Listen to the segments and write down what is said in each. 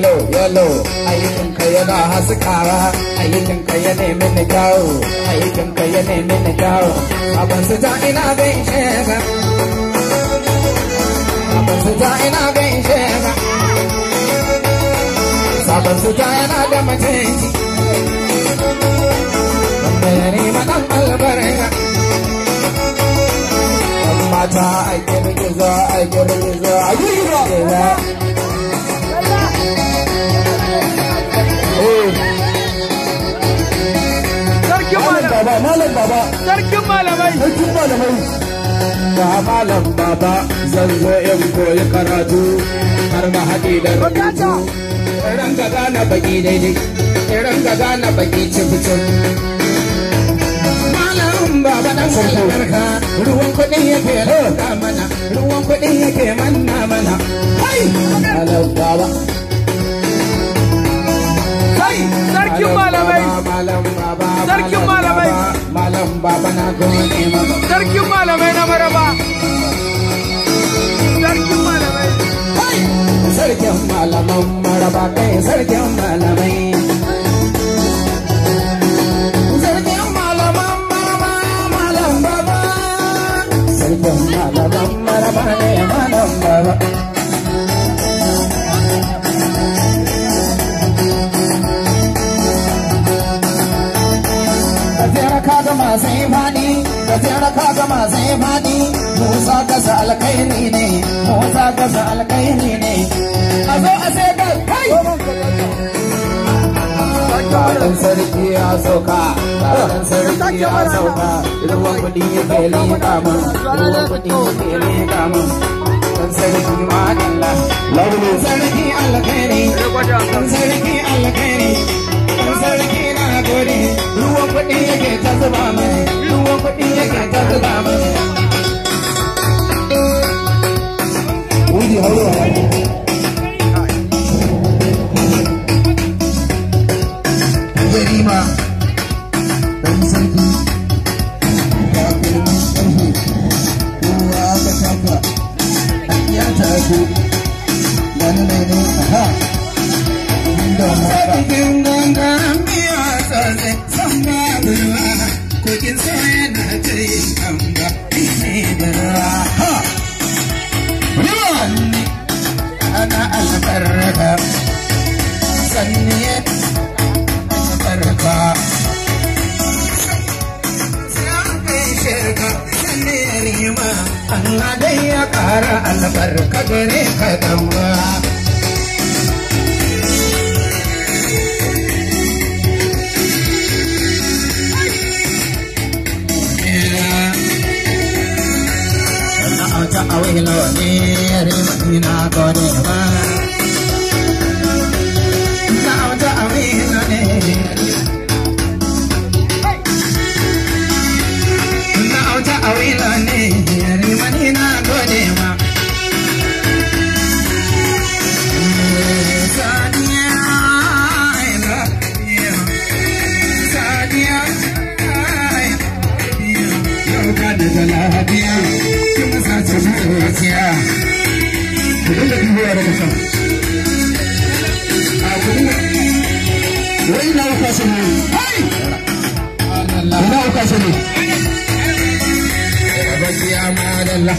Yellow, yellow, I I can't can't yalo yalo ayyukanka yana haskawa ayyukanka ya nemi na I ayyukanka not nemi na kyawu abin su I ina not ka abin su ta ina I ka not su ta yana da mutunci wanda ya not dan albarka mata a girgiza a girgiza a girgiza baba malam baba sarkin malamai sarkin malamai ga malam baba zan zo in koyi karatu har ma haɗi da rubuta ran ga gana baki daidai ran ga gana baki cikin malam baba dan sarkarka ruwan kuɗin yake rana mana ruwan kuɗin yake manna mana hai malam baba sarkin malamai sarkin malamai baba na gode maka sarkin malamai na maraba sarkin malamai hey sarkin malamai maraba kai sarkin Ka tsira ka gama zai faɗi musa ka sa alkairi ne musa ka sa alkairi ne a zo a sai da kai Karan sarki a sauka, karan sarki ya sauka, ruwan kuɗi ya ke leƙa min, ruwan kuɗi ya ke leƙa min. Kan sarki ma'adalla, launin sarki alkairi, kan sarki alkairi. sarki na gode ruwan kuɗi yake Allah dai ya ƙara albarka gare ka damba ta awai lawa ne rimani na gode ba ina ukase ni ina ukase ni basi amadalla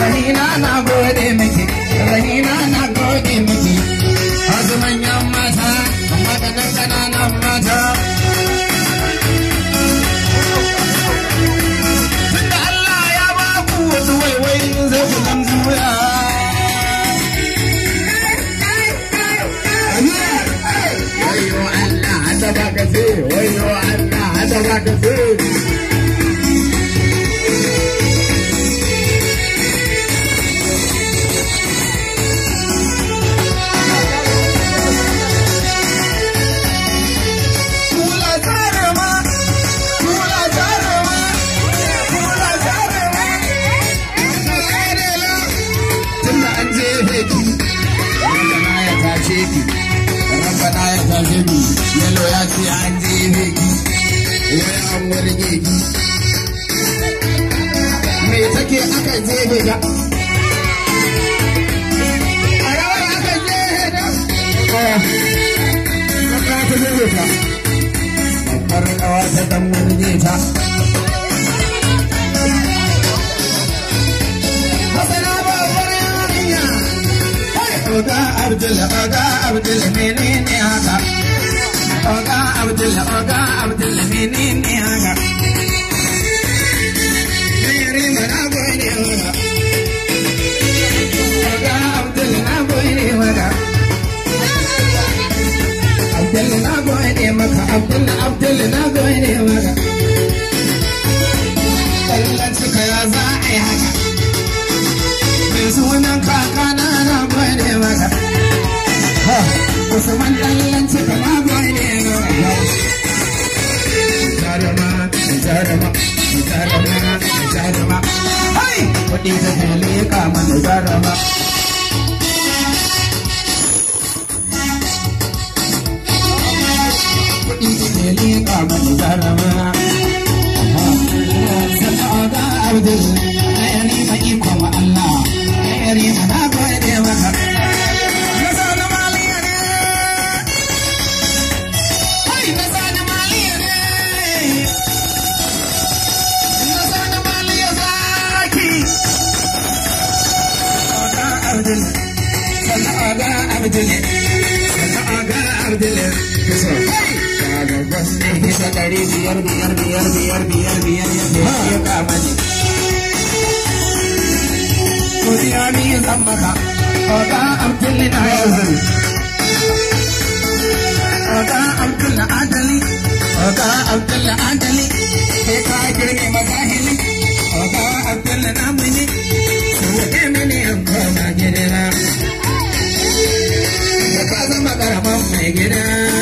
rahina na gode miki rahina na gode miki azuman yan mata maganan kananan mata CITV. I'm wani gi. Me take aka jebe ga. Arawa aka jebe ga. Aka ta jebe ga. Kar kawa ta dan wani ne Abdul Abdul sunan kakana na gode maka Usman ɗan cika na बियर बियर बियर बियर बियर बियर बियर काम जी कुड़िया नी संभाला ओदा आजली मजा हिली ओदा अंकल ना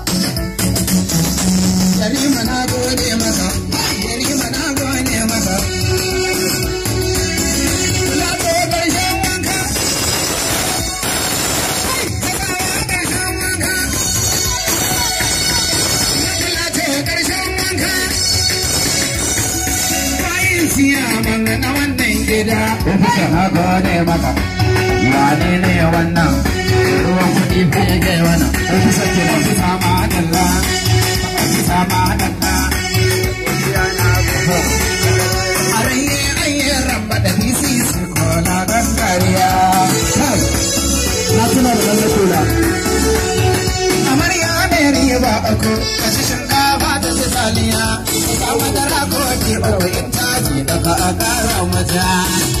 haka ne maka wane ne wannan ruwan kuɗi fege wannan wasu sake masu sama dalla masu sama dalla da bisi su na da amarya ne riba ako kashi shinkafa da su saliya ta madara ke bakwai ta ji daga a ƙara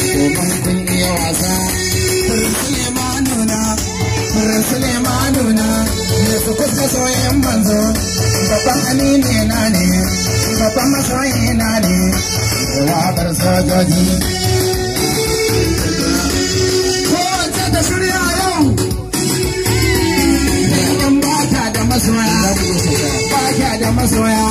idan kun iya wasa Sulemanuna ne su kusa soyayyen banzo babban amini na ne babban masoyi na ne waƙar sojoji kowace ta shirya yau idan ba ta da masoya ba ta da masoya